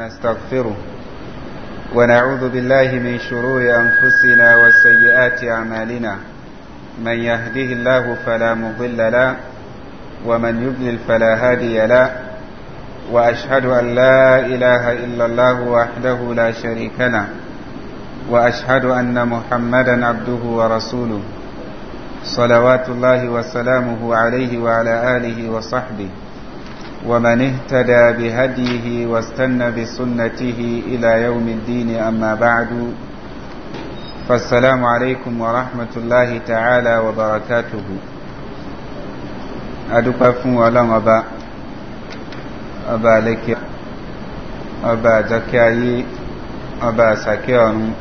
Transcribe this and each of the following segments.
ونستغفره ونعوذ بالله من شرور أنفسنا وسيئات أعمالنا من يهده الله فلا مضل له ومن يضلل فلا هادي له وأشهد أن لا إله إلا الله وحده لا شريك له وأشهد أن محمدا عبده ورسوله صلوات الله وسلامه عليه وعلى آله وصحبه ومن اهتدى بهديه واستنى بسنته إلى يوم الدين أما بعد فالسلام عليكم ورحمة الله تعالى وبركاته أدوك فن ولا أبا أبا لك أبا جكاي أبا سكيان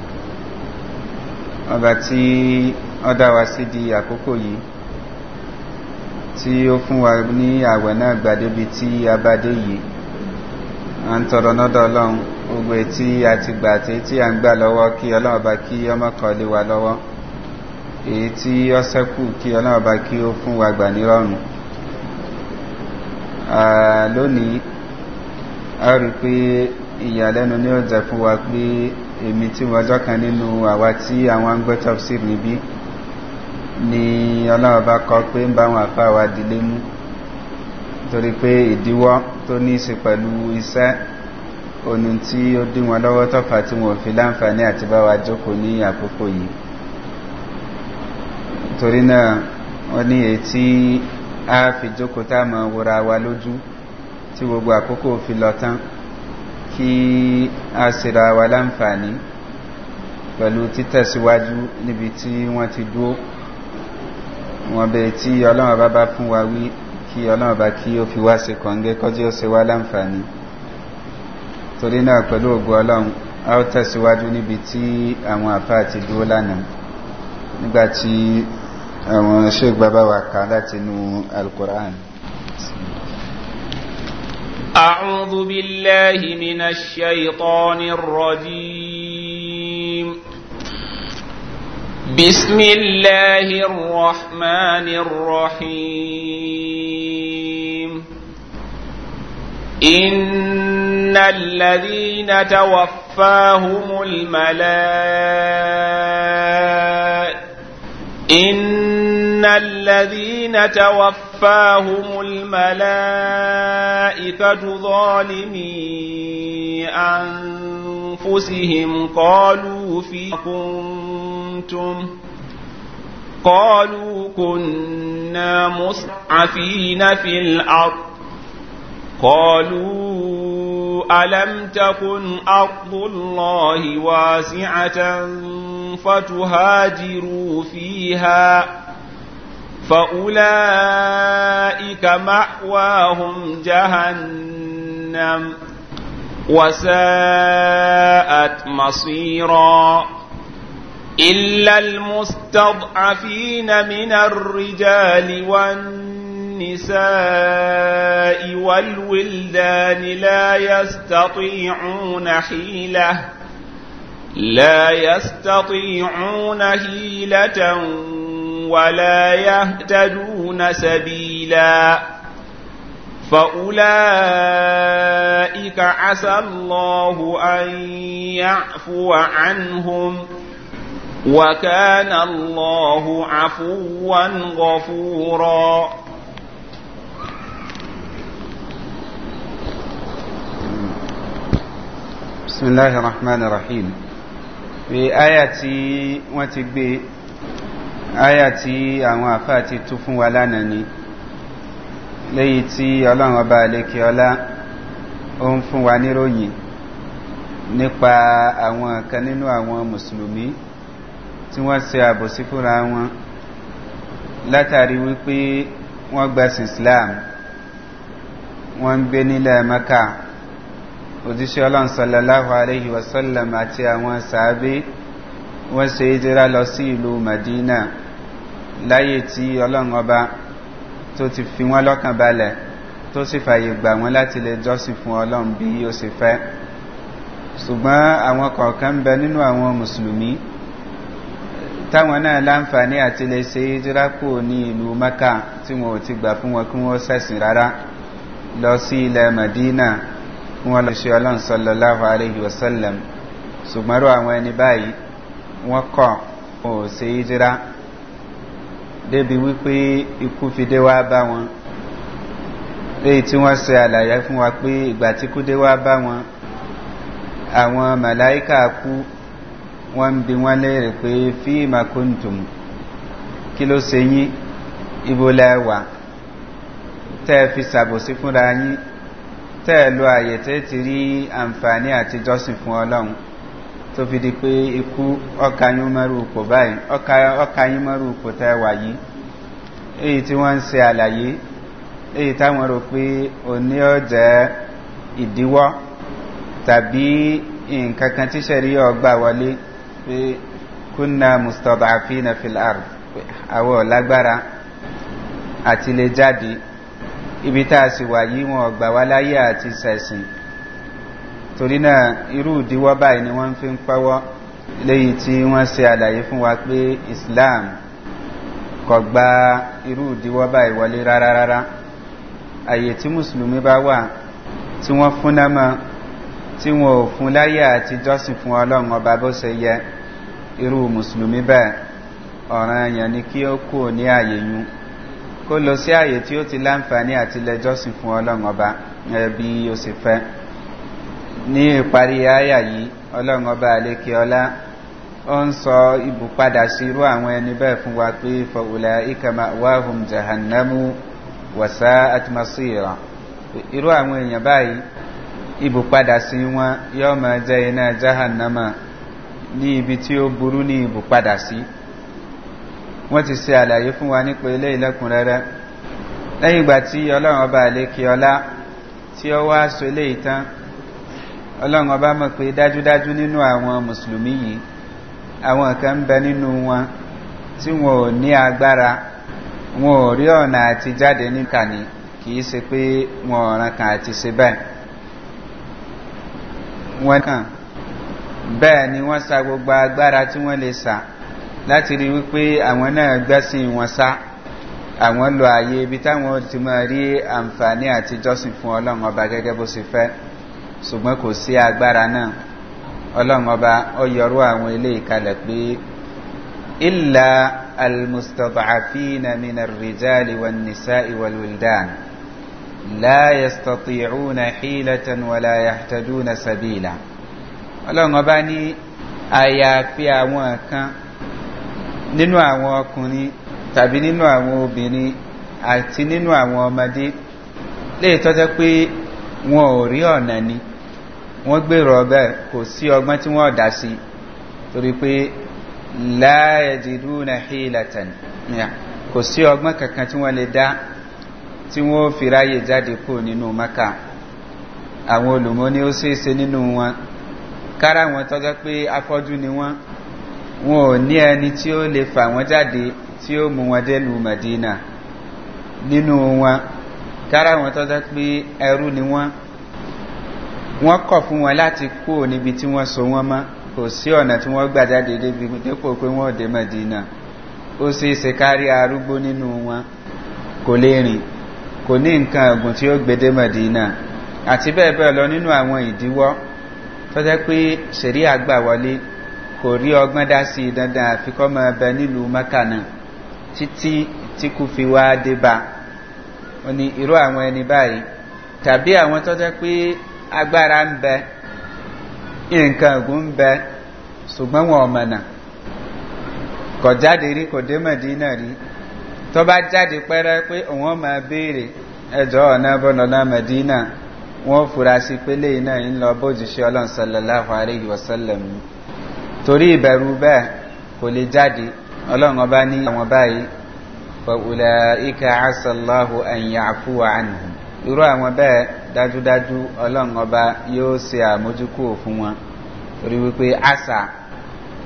أبا تي أدوى سيدي أكوكوي tí ó fún wa ní àwẹ̀ náà gbàdébi tí a bá dé yìí a ń tọrọ nọ́dọ̀ ọlọ́run gbogbo tí a ti gbà tí tí a ń gbà lọ́wọ́ kí ọlọ́run bá kí ọmọ kan lé wa lọ́wọ́ èyí tí ó sẹ́kù kí ọlọ́run kí ó fún wa gbà nírọ̀rùn lónìí a rí pé ìyàlẹ́nu ní ọ̀jẹ̀ fún wa pé èmi tí wọ́n jọ́ nínú àwa tí àwọn ń gbẹ́tọ̀ sí níbí ni ọlọ́run bá kọ pé ń bá wọn àfa wa dilé mú torí pé ìdíwọ́ tó ní í ṣe pẹ̀lú iṣẹ́ oní tí ó dín wọn lọ́wọ́ tọ́fà tí wọn fi láǹfààní àti bá wa jókòó ní àkókò yìí torí náà wọ́n ní ètí a fi jókòó tá a mọ̀ wòra wa lójú tí gbogbo àkókò fi lọ kí a ṣèrà wa láǹfààní pẹ̀lú títẹ̀síwájú níbi tí wọ́n ti dúó wọn bẹ tí ọlọ́run bá bá fún wa wí kí ọlọ́run bá kí ó fi wá sí kọ̀ǹgẹ́ kọjú ó sì wá láǹfààní torí náà pẹ̀lú ògùn ọlọ́run a ó tẹ̀síwájú níbi tí àwọn àfá àti dúró lánàá nígbàtí àwọn ṣégbà látinú alkùrán أعوذ بالله من الشيطان الرجيم بسم الله الرحمن الرحيم إن الذين توفاهم الملائكة إن الذين توفاهم الملائكة ظالمي أنفسهم قالوا فيكم كنتم قالوا كنا مسعفين في الأرض قالوا ألم تكن أرض الله واسعة فتهاجروا فيها فأولئك مأواهم جهنم وساءت مصيراً إلا المستضعفين من الرجال والنساء والولدان لا يستطيعون حيلة لا يستطيعون حيلة ولا يهتدون سبيلا فأولئك عسى الله أن يعفو عنهم وَكَانَ اللَّهُ عفوا غفورا بسم الله الرحمن الرحيم في آياتي وتبي آياتي أو أفاتي تفن ولا نني ليتي ألا وبالك ولا أنفن ونروني nípa àwọn kan nínú àwọn mùsùlùmí tí wọ́n se àbòsí fúnra wọn látàrí wípé wọ́n gbẹ̀sìn islam wọ́n ń gbé nílẹ̀ mẹ́ka òjíṣẹ́ ọlọ́nsọ̀lọ́láhùn aléhì wasallam àti àwọn sàábé wọ́n se ìdíra lọ sí ìlú madina láyé tí ọlọ́run ọba tó ti fi wọ́n lọ́kàn balẹ̀ tó sì fàyè gbà wọ́n láti lè jọ́sìn fún ọlọ́run bí ó sì fẹ́ ṣùgbọ́n àwọn kọ̀ọ̀kan bẹ nínú àwọn mùsùlùmí táwọn náà láǹfààní àti lè ṣe ìjírákò ní ìlú mẹ́ka tí wọ́n ti gbà fún wọn kí wọ́n sẹ̀sìn rárá lọ sí ilẹ̀ madina kí wọ́n lọ ṣe ọlọ́run sọlọ́láhùn wasallam ṣùgbọ́n rọ àwọn ẹni báyìí wọ́n kọ̀ ò ṣe ìjírá débi wípé ikú fi dé wá bá wọn léyìí wọ́n bí wọ́n lẹ́rẹ̀ pé fí makuntum kí ló se yí ibolẹ́wà tẹ́ fi sàbòsí fúnra yí tẹ́ lọ àyè tẹ́ ti rí àǹfààní àti jọ́sìn fún ọlọ́run tó fi di pé ikú ọkàyún mẹ́rùpò báyìí ọkàyún mẹ́rùpò tẹ́ wà yìí èyí tí wọ́n ń se àlàyé èyí táwọn rò pé òní ọ̀jẹ́ ìdíwọ́ tàbí nǹkan kan tíṣẹ̀rí ọgbà wọlé pé kúnna mustadafina filar àwọ̀ lágbára àti lè jáde ibi tá a sì wà yí wọn ọgbà wá láyé àti sẹ̀sìn torí náà irú ìdíwọ́ báyìí ni wọ́n fi ń pẹ́wọ́ léyìí tí wọ́n se àlàyé fún wa pé islam kọ gba irú ìdíwọ́ báyìí wọlé rárá rárá àyè tí mùsùlùmí bá wà tí wọ́n fún náà tí wọn ò fún láyé àti jọ́sìn fún ọlọ́run ọba bó ṣe yẹ irú mùsùlùmí bẹ́ẹ̀ ọ̀ràn èèyàn ni kí ó kú ní ààyè kó lọ sí ààyè tí ó ti láǹfààní àti fún ọlọ́run ọba ẹbí ó sì fẹ́ ní ìparí àyà yìí ọlọ́run ọba ọlá ó ń sọ sí irú àwọn ẹni bẹ́ẹ̀ fún wa pé ìkàmà jahannamu wàsá àtìmásí irú àwọn ibùpadà sí wọn yọ́ ma jẹ́ iná jahannama ní ibi tí ó burú ní ibùpadà sí wọ́n ti se àlàyé fún wa nípa ilé ìlẹ́kùnrẹ́rẹ́ lẹ́yìn ìgbà tí ọlọ́run ọba àlékè ọlá tí ó wá so ilé ìtàn ọlọ́run ọba mọ̀ pé dájúdájú nínú àwọn mùsùlùmí yìí àwọn kan ń bẹ nínú wọn tí wọn ò ní agbára wọn ò rí ọ̀nà àti jáde níkànnì kì í se pé wọn kan àti se bẹ́ẹ̀ wọn kàn bẹ́ẹ̀ ni wọ́n sa gbogbo agbára tí wọ́n lè sà láti rí wípé àwọn náà gbẹ́sìn wọn sá àwọn lọ àyè ibi táwọn ti máa rí àǹfààní àti jọ́sìn fún ọlọ́run ọba gẹ́gẹ́ bó ṣe fẹ́ ṣùgbọ́n kò sí agbára náà ọlọ́run ọba ọ yọrú àwọn ilé ìkalẹ̀ pé ilà almustapha afi na minar rijali wa nisa iwalwildan. لا يستطيعون حيلة ولا يهتدون سبيلا ọlọ́run ọba ní àyàfi àwọn kan nínú àwọn ọkùnrin tàbí nínú àwọn obìnrin àti nínú àwọn ọmọdé lè tọ́jẹ́ pé wọn ò rí ọ̀nà ni wọ́n gbèrò ọbẹ̀ kò sí ọgbọ́n tí wọ́n dá sí torí pé láàyè jìdúnà hílẹ̀tàn kò sí ọgbọ́n kankan tí wọ́n lè dá tí wọ́n fi ráyè jáde kó nínú maka àwọn olùmọ́ ni ó ṣeéṣe nínú wọn kára wọn tọ́jọ́ pé afọ́jú ni wọ́n wọn ò ní ẹni tí ó lè fà wọ́n jáde tí ó mú wọn dẹ́nu madina nínú wọn kára wọn tọ́jọ́ pé ẹrú ni wọ́n wọ́n kọ̀ fún wọn láti kó níbi tí wọ́n so wọ́n mọ́ kò sí ọ̀nà tí wọ́n gbà jáde débi dépò pé wọ́n dé madina ó ṣeéṣe kárí arúgbó nínú wọn kò lè rìn kò ní nǹkan ọ̀gùn tí ó gbédé mọ̀dínà àti bẹ́ẹ̀ bẹ́ẹ̀ lọ nínú àwọn ìdíwọ́ tó jẹ́ pé ṣèrí àgbà wọlé kò rí ọgbọ́n dá sí i dandan àfikọ́ mọ ẹbẹ nílùú mọ́kànà títí tí kò fi wá dé bá ó ní irú àwọn ẹni báyìí tàbí àwọn tó jẹ́ pé agbára ń bẹ nǹkan ọ̀gùn ń bẹ ṣùgbọ́n wọn ọ̀mọ̀nà kọ̀ rí kò dé mọ̀dínà rí tó bá jáde pẹ́rẹ́ pé òun máa béèrè ẹjọ́ ọ̀nà bọ́nọ̀lá medina wọ́n fura sí pé léyìn náà ń lọ bójúṣe ọlọ́nsọ̀lọ́láhùn àríyí wọ́sọ́lẹ̀m torí ìbẹ̀rù bẹ́ẹ̀ kò lè jáde ọlọ́run ọba ní àwọn báyìí fọ̀wùlẹ̀ ika asọ̀láhù ẹ̀yìn àfúwà àná irú àwọn bẹ́ẹ̀ dájúdájú ọlọ́run ọba yóò ṣe àmójúkú òfin wọn torí wípé àṣà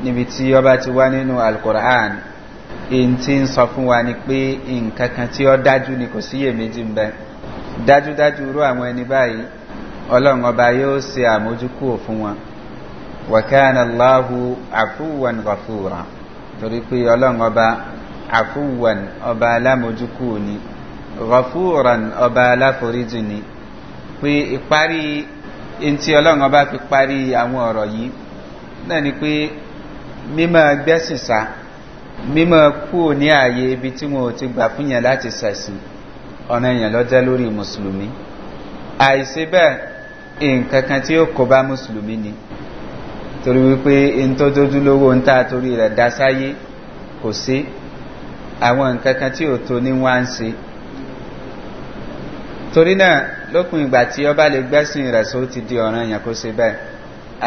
níbi tí ọba ti wá nínú alukur'an èyí tí ń sọ fún wa ni pé nǹkan kan tí ó dájú ni kò síyè méjì ń bẹ dájúdájú rú àwọn ẹni báyìí ọlọ́run ọba yóò ṣe àmójúkú fún wọn wàkánà láhù àfúwàn gọfúra torí pé ọlọ́run ọba àfúwàn ọba alámójúkú ni gọfúran ọba aláforíjì ni pé ìparí ntí ọlọ́run ọba fi parí àwọn ọ̀rọ̀ yìí náà ni pé mímọ́ gbẹ́sìn mímọ̀ kúrò ní ààyè ibi tí wọn ti gbà fún yẹn láti sẹ̀sìn ọ̀nà èèyàn lọ́jẹ́ lórí mùsùlùmí àìsí bẹ́ẹ̀ nkankan tí ó kọ bá mùsùlùmí ni torí wípé in tó dójú lówó ń tà torí rẹ̀ dá sáyé kò sí àwọn nkankan tí ò tó ní wá ń se torí náà lópin ìgbà tí ọba lè gbẹ́sìn rẹ̀ só ti di ọ̀ràn èèyàn kó se bẹ́ẹ̀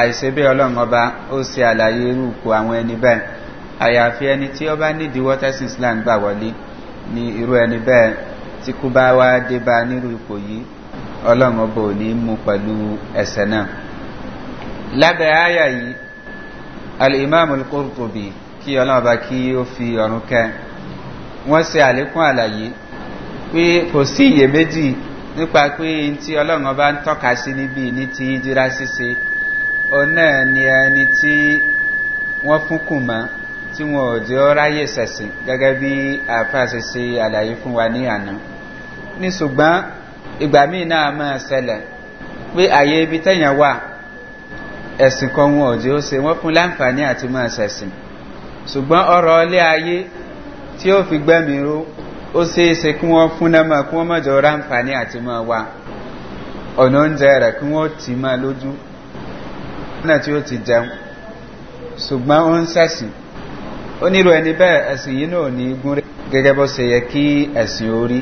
àìsí bẹ́ẹ̀ ọlọ́run ọba ó se àlàyé irú ipò àwọn ẹni bẹ́ẹ̀ àyàfi ẹni tí ó bá nídìí waters islam gbà wọlé ní irú ẹni bẹ́ẹ̀ tí kú bá wá dé bá nírú ipò yìí ọlọ́run ọba ò ní mú pẹ̀lú ẹ̀sẹ̀ náà lábẹ́ àyà yìí alìmáàmù kòròtòbì kí ọlọ́run ọba kí ó fi ọ̀run kẹ wọ́n ṣe àlékún àlàyé pé kò sí iyèméjì nípa pé tí ọlọ́run ń tọ́ka sí níbi ní ti jíra ṣíṣe òun náà ni ẹni tí wọ́n fúnkùn mọ́ tí wọn ò jẹ́ ráyè sẹ̀sìn gẹ́gẹ́ bí àfáàṣẹ ṣe àlàyé fún wa ní àná ní ṣùgbọ́n ìgbà míì náà máa ṣẹlẹ̀ pé àyè ibi tẹ̀yàn wà ẹ̀sìn kan wọn ò jẹ́ ó ṣe wọ́n fún láǹfààní àti máa sẹ̀sìn ṣùgbọ́n ọ̀rọ̀ ilé ayé tí ó fi gbẹ́mi ró ó ṣeé ṣe kí wọ́n fún náà máa kí wọ́n mọ̀jọ ráǹfààní àti máa wà ọ̀nà oúnjẹ rẹ̀ kí wọ́n ti máa lójú ọ̀nà tí ó ti jẹun ṣùgbọ́n ó ń sẹ̀sìn onírò ẹni bẹ́ẹ̀ ẹ̀sìn yìí náà ní gúnrẹ́ gẹ́gẹ́ bó ṣe yẹ kí ẹ̀sìn orí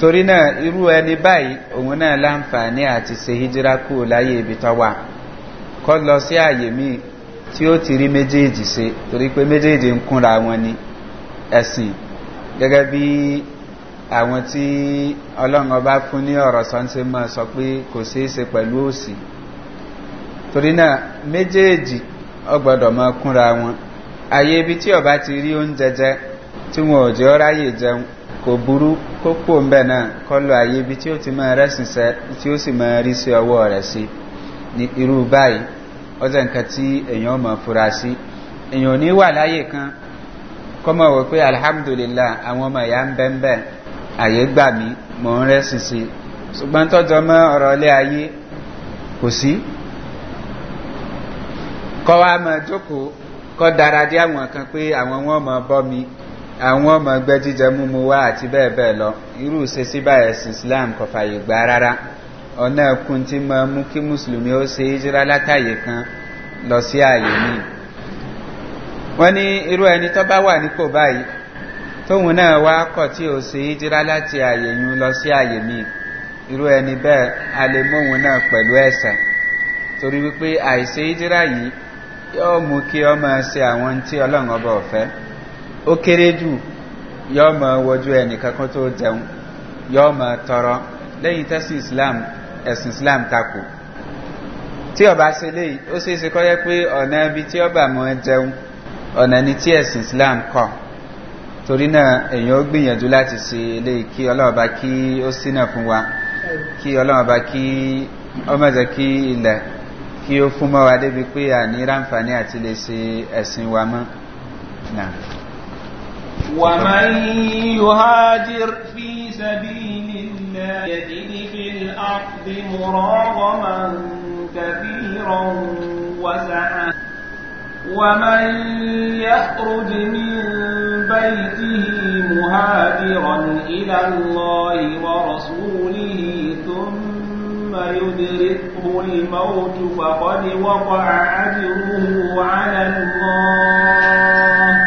torí náà irú ẹni báyìí òun náà láǹfààní àti ṣe hijira kú láyé ibi tó wà kọ́ lọ sí àyè míì tí ó ti rí méjèèjì ṣe torí pé méjèèjì ń kúnra wọn ni ẹ̀sìn gẹ́gẹ́ bí àwọn tí ọlọ́run ọba fún ní ọ̀rọ̀ sọ́nsẹ́ mọ́ sọ pé kò ṣeé ṣe pẹ̀lú òsì torí náà méjèèjì ọgbọ́dọ̀ mọ́ kúnra wọn àyè ibi tí ọba ti rí oúnjẹ jẹ tí wọn ò jẹ́ ọ́ ráyè jẹun kò burú kó pò ń bẹ̀ náà kọlu àyè ibi tí ó ti máa rẹ́sìn sẹ́ tí ó sì máa rí sí ọwọ́ rẹ̀ sí ní irú báyìí ọjọ́ nǹkan tí èèyàn mọ̀ fura sí èèyàn ní wà láyè kan kọ́mọ̀ wò pé alhamdulillah àwọn ọmọ ìyá ń bẹ́ ń bẹ́ àyè gbà mí mò ń rẹ́sìn sí ṣùgbọ́n tọ́jọ́ mọ́ ọ̀rọ̀ ilé ayé kò sí kọ́ wa máa jókòó kọ́ dára dé àwọn kan pé àwọn wọn mọ bọ́mi àwọn ọmọ ẹgbẹ́ jíjẹ múmu wá àti bẹ́ẹ̀ bẹ́ẹ̀ lọ irú ṣe sí báyẹ̀ islam kò fàyè gbà rárá ọ̀nà ẹkùn tí mọ mú kí mùsùlùmí ó ṣe ìjírá látàyè kan lọ sí ààyè míì wọ́n ní irú ẹni tó bá wà nípò báyìí tóun náà wá kọ̀ tí ó ṣe ìjírá láti ààyè yún lọ sí ààyè míì irú ẹni bẹ́ẹ̀ a lè móhun náà pẹ̀lú ẹ̀sà torí wípé àìṣe ìjírá yìí yóò mú kí ọ máa ṣe àwọn tí ọlọ́run ọba ọ̀fẹ́ ó kéré jù yóò máa wojú ẹnìkankan tó jẹun yóò máa tọrọ lẹ́yìn tẹ́sí islam ẹ̀sìn islam takò tí ọba ṣe léyìí ó ṣeé ṣe kọ́ yẹ pé ọ̀nà ibi tí ọba mọ̀ jẹun ọ̀nà ni tí ẹ̀sìn islam kọ̀ torí náà èèyàn ó gbìyànjú láti ṣe eléyìí kí ọlọ́ọ̀ba kí ó sínà fún wa kí ọlọ́ọ̀ba kí ọmọ jẹ́ kí ilẹ̀ kí ó fún mọ́ wa débi pé à ní ráǹfààní àti lè ṣe ẹ̀sìn wa mọ́ náà ومن يهاجر في سبيل الله يجد في الأرض مراغما كثيرا وسعا ومن يخرج من بيته مهاجرا إلى الله ورسوله ثم يدركه الموت فقد وقع أجره على الله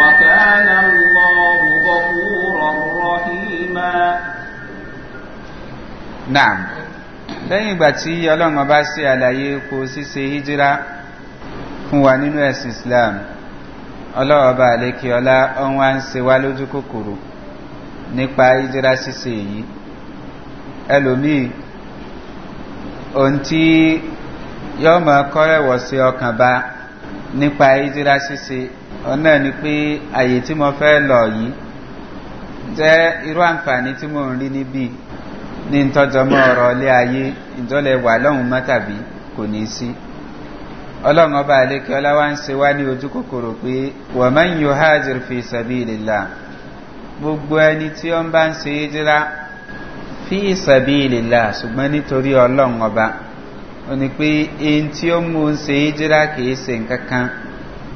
وكان الله غفورا رحيما نعم lẹ́yìn ìgbà tí ọlọ́run ọba ṣe àlàyé epo ṣíṣe hijira fún wa nínú ẹ̀sìn islam ọlọ́run ọba àlékè ọlá ọ̀hún à ń wá lójú kòkòrò nípa hijira ẹlòmíì ohun tí yọ́ mọ̀ kọ́rẹ̀ wọ̀ sí ọkàn bá nípa ìdíra ṣíṣe ọ̀nà ni pé àyè tí mo fẹ́ lọ yìí jẹ́ irú àǹfààní tí mo ń rí níbí ní ntọ́jọmọ́ ọ̀rọ̀ ilé ayé ìjọlẹ̀ wà lọ́hùn mọ́ tàbí kò ní sí ọlọ́run ọba àlékí ń wá ní ojú gbogbo ẹni tí ó ń bá fi ìsàbí ìlìlà ṣùgbọ́n nítorí ọlọ́run ọba ó ní pé eyín tí ó mú un ṣe ìjírá kìí ṣe nǹkan kan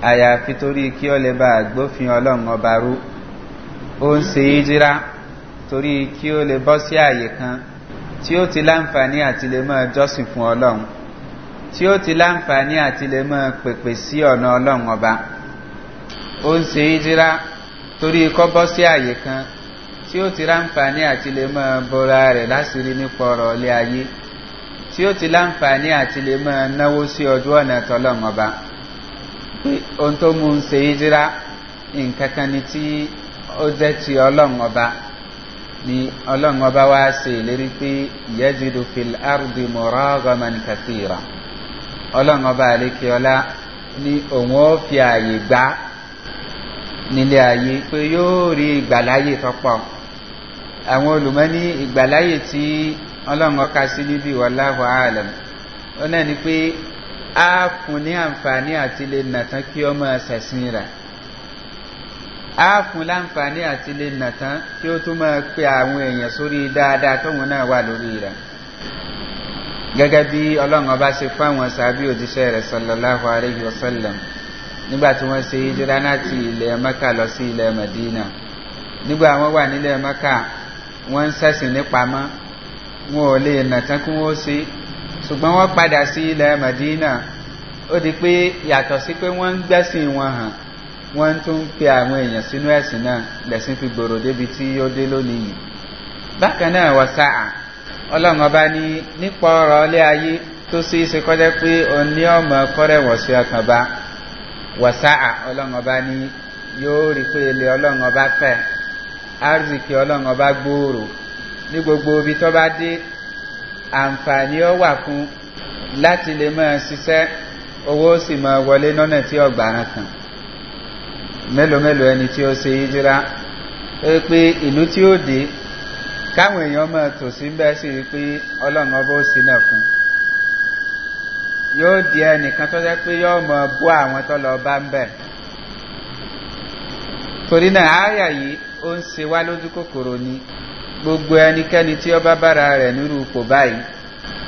àyàfi torí kí ó lè bá àgbófin ọlọ́run ọba rú ó ń ṣe ìjírá torí kí ó lè bọ́ sí àyè kan tí ó ti láǹfààní àti lè máa jọ́sìn fún ọlọ́run tí ó ti láǹfààní àti lè máa pèpè sí ọ̀nà ọlọ́run ọba ó ń ṣe ìjírá torí kọ́ bọ́ sí àyè kan tí ó ti ráǹfààní àti lè mọ́ bọ́ra rẹ̀ lásìrí nípa ọ̀rọ̀ ilé ayé tí ó ti láǹfààní àti lè mọ́ náwó sí ọjọ́ ọ̀nà tọ́lọ́mọba pé ohun tó mú un ṣe ìjírá nǹkan kan ni tí ó jẹ́ ti ọlọ́mọba ni ọlọ́mọba wá ṣe ìlérí pé ìyẹ́jìdò fil ardi mọ̀rọ́gọ́mọ̀n kàfíìrà ọlọ́mọba àlékèọlá ni òun ó fi àyè gbá nílé ayé pé yóò rí ìgbàláyè tọ́pọ̀ àwọn olùmọ́ ní ìgbàláyè tí ọlọ́run ọka sí níbi wà láwọ̀ ààlẹ̀m ó náà ni pé a fún ní àǹfààní àti lè nàtán kí ọmọ ṣẹ̀sìn rà a fún láǹfààní àti lè nàtán kí ó tún máa pe àwọn èèyàn sórí dáadáa tóun náà wà lórí rẹ̀ gẹ́gẹ́ bí ọlọ́run ọba ṣe fún àwọn sàbí òjíṣẹ́ rẹ̀ sọlọ́láhùn àríyí ọ̀sọ́lẹ̀m nígbà tí wọ́n ṣe hijira láti ilẹ̀ mẹ́ka lọ sí ilẹ̀ mẹ́dínà nígbà wọ́n wà nílẹ̀ mẹ́ka wọ́n ń sẹ́sìn nípa mọ́ wọn ò lè nàtán kí wọ́n ṣe ṣùgbọ́n wọ́n padà sí ilẹ̀ madina ó di pé yàtọ̀ sí pé wọ́n ń gbẹ́sìn wọn hàn wọ́n tún ń pe àwọn èèyàn sínú ẹ̀sìn náà lẹ̀sìn fi gbòòrò débi tí ó dé lónìí yìí bákan náà wọ́n sáà ọlọ́run ọba ní nípa ọ̀rọ̀ ọlé ayé tó sì ṣe kọjá pé òní ọmọ kọ́rẹ̀wọ̀ sí ọkàn bá wọ́n sáà ọlọ́run ọba ní yóò rí pé ilé ọlọ́run ọba fẹ́ arzikì ọlọ́run ọba gbòòrò ní gbogbo ibi tó bá dé àǹfààní ọ wà fún láti lè máa ṣiṣẹ́ owó sì máa wọlé lọ́nà tí ọgbàrán kan mélòó mélòó ẹni tí ó ṣe yíjíra ó pé ìlú tí ó dé káwọn èèyàn máa tò sí bẹ́ẹ̀ sì rí pé ọlọ́run ọba ó sí náà fún yóò di ẹnìkan tó jẹ́ pé yóò mọ bó àwọn tó lọ bá ń bẹ̀ torí náà ááyà yìí ó ń se wá lójú kòkòrò ni gbogbo ẹnikẹ́ni tí ọba bára rẹ̀ nírú ipò báyìí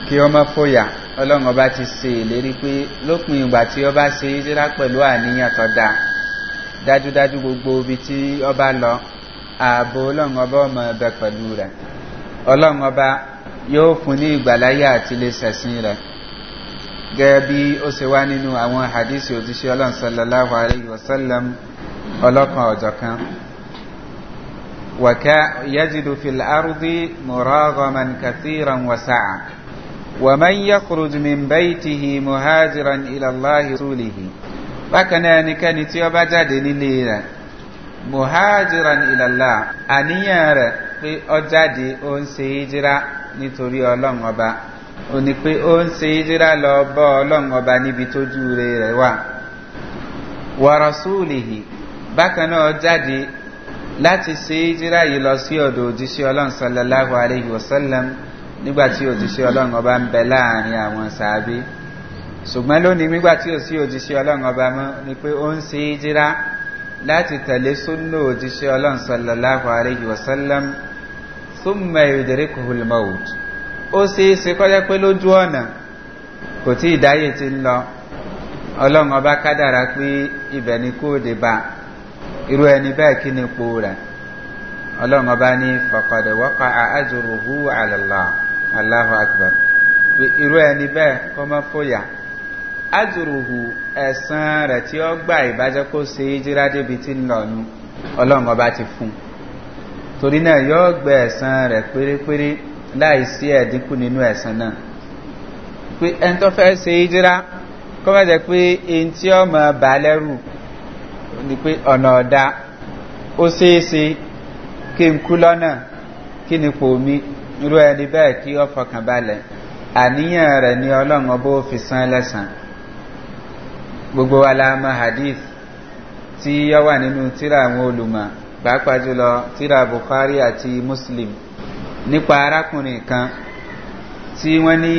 kí ọmọ fòyà ọlọ́run ọba ti se ìlérí pé lópin ìgbà tí ọba se ìjírá pẹ̀lú àníyàn tó da dájúdájú gbogbo ibi tí ọba lọ ààbò ọlọ́run ọba ọmọ ẹbẹ pẹ̀lú rẹ̀ ọlọ́run ọba yóò fún ní ìgbàláyà àti lè sẹ̀sìn rẹ̀ gẹ́gẹ́ bí ó se wá nínú àwọn hadisi òtíṣẹ́ ọlọ́run sallallahu alayhi wa sallam ọlọ́kan ọ̀jọ̀kan ويجد في الأرض مراغما كثيرا وسعا ومن يخرج من بيته مهاجرا إلى الله رسوله bákanáà ẹnikẹ́ni tí ó bá jáde nílé rẹ̀ muhajiran ilàlá àníyàn rẹ̀ pé ó jáde ó ń se hijira nítorí ọlọ́run ọba ó ní pé ó ń se hijira lọ bọ́ ọlọ́run ọba níbi tójú rẹ̀ wà wọ̀rọ̀ súùlìhì bákanáà ó jáde láti ṣe jíra yìí lọ sí ọ̀dọ̀ òjíṣẹ́ ọlọ́run sallallahu alayhi wa sallam nígbàtí òjíṣẹ́ ọlọ́run ọba ń bẹ láàrin àwọn sàábé ṣùgbọ́n lónìí nígbàtí ò sí òjíṣẹ́ ọlọ́run ọba mọ́ ni pé ó ń ṣe jíra láti tẹ̀lé súnú òjíṣẹ́ ọlọ́run sallallahu alayhi wa sallam irú ẹni bẹ́ẹ̀ kí ni po rẹ̀ ọlọ́run ọba ní fọ̀kọ̀dẹ̀ wọ́pá àájòròhú àlọ́lá akbar irú ẹni bẹ́ẹ̀ kọ́ mọ́ fòyà àjòròhú ẹ̀sán rẹ̀ tí ó gbà ìbájẹ́ kó jíra débi tí ń ọlọ́run ti fún torí náà yóò gbẹ ẹ̀sán rẹ̀ pérépéré láì ẹ̀dínkù nínú ẹ̀sán náà pé ẹni tó fẹ́ ṣe jíra kọ́ mọ́ jẹ́ pé ni pé ọ̀nà ọ̀dá ó ṣeéṣe kí n kú lọ́nà kí ni pò mí irú ẹni bẹ́ẹ̀ kí ọ fọkàn balẹ̀ àníyàn rẹ̀ ni ọlọ́run ọbọ̀ fi san lẹ́sàn gbogbo wa hadith tí yọ wà nínú tíra àwọn olùmọ̀ pàápàá jùlọ tíra bukhari àti muslim nípa arákùnrin kan tí wọ́n ní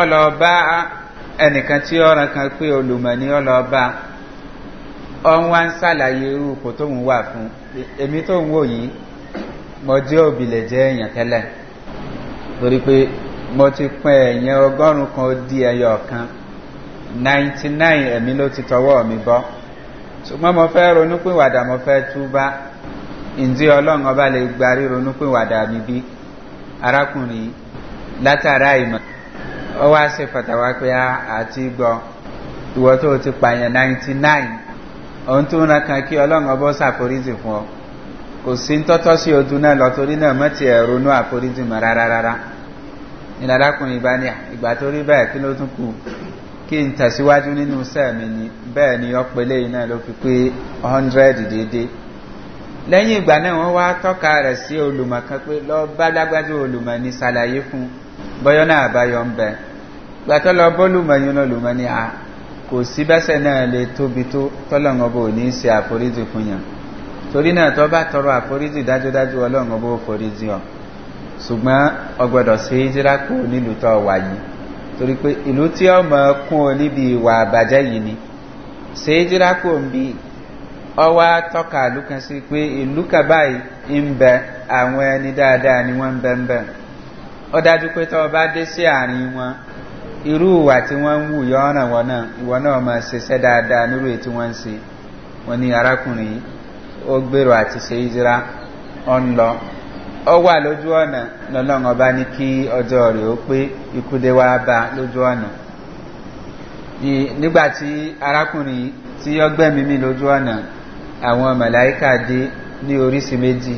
ọlọ́ọ̀bá ẹnìkan tí ọ̀ràn kan pé olùmọ̀ ní ọlọ́ọ̀bá ọ̀n wá ń sàlàyé irú kò tó ń wà fún èmi tó ń wò yìí mo jẹ́ òbílẹ̀ jẹ́ èèyàn tẹ́lẹ̀ torí pé mo ti pín ẹ̀yẹn ọgọ́rùn kan di ẹyọ kan 99 ẹ̀mí ló ti tọwọ́ mi bọ́ ṣùgbọ́n mo fẹ́ ronúpìnwàdà mo fẹ́ túbá ǹjẹ́ ọlọ́run ọba lè gbarí ronúpìnwàdà mi bí arákùnrin látara ìmọ̀ ọ wá ṣe fàtàwá pé àti gbọ́ ìwọ tó ti pààyàn 99 ohun tó ń ra kan kí ọlọ́run ọbọ̀ sàforíjì fún ọ kò sí ń tọ́tọ́ sí odun náà lọ náà mọ́tì ẹ̀ ronú àforíjì mọ́ rárá rárá ní lárákùnrin bá ìgbà tó rí bẹ́ẹ̀ kí ló tún kù kí nínú sẹ́ẹ̀mì ni bẹ́ẹ̀ ni ọpẹlẹ́ iná ló fi 100 dédé lẹ́yìn ìgbà náà wọ́n wá tọ́ka rẹ̀ sí olùmọ̀ kan pé lọ bá lágbájú olùmọ̀ ni sàlàyé fún kò sí bẹ́sẹ̀ náà lè tóbi tó tọ́lọ̀ngọ́bọ̀ ò ní ṣe àforíjì fún yàn torí náà tó bá tọrọ àforíjì dájúdájú ọlọ́ngọ́bọ̀ foríjì ọ̀ ṣùgbọ́n ọgbọ̀dọ̀ sí nílùú wà torí pé ọ níbi ìwà àbàjẹ́ yìí ni ṣe ń bí tọ́ka sí pé ìlú ń bẹ àwọn ẹni dáadáa ni wọ́n ń ọ dájú pé tọ́ bá dé sí irú ìwà tí wọ́n ń wù yọ ọ̀nà wọn náà ìwọ náà ma ṣiṣẹ́ dáadáa nírú ètí wọ́n ń se wọ́n ní arákùnrin ó gbèrò àti ṣe ìjírá ọ̀n lọ ọ wà lójú ọ̀nà lọ́lọ́run ọba ní kí ọjọ́ rẹ̀ ó pé ikúdé wá bá lójú ọ̀nà nígbà tí arákùnrin tí ó gbẹ̀mí mi lójú ọ̀nà àwọn màláíkà dé ní oríṣi méjì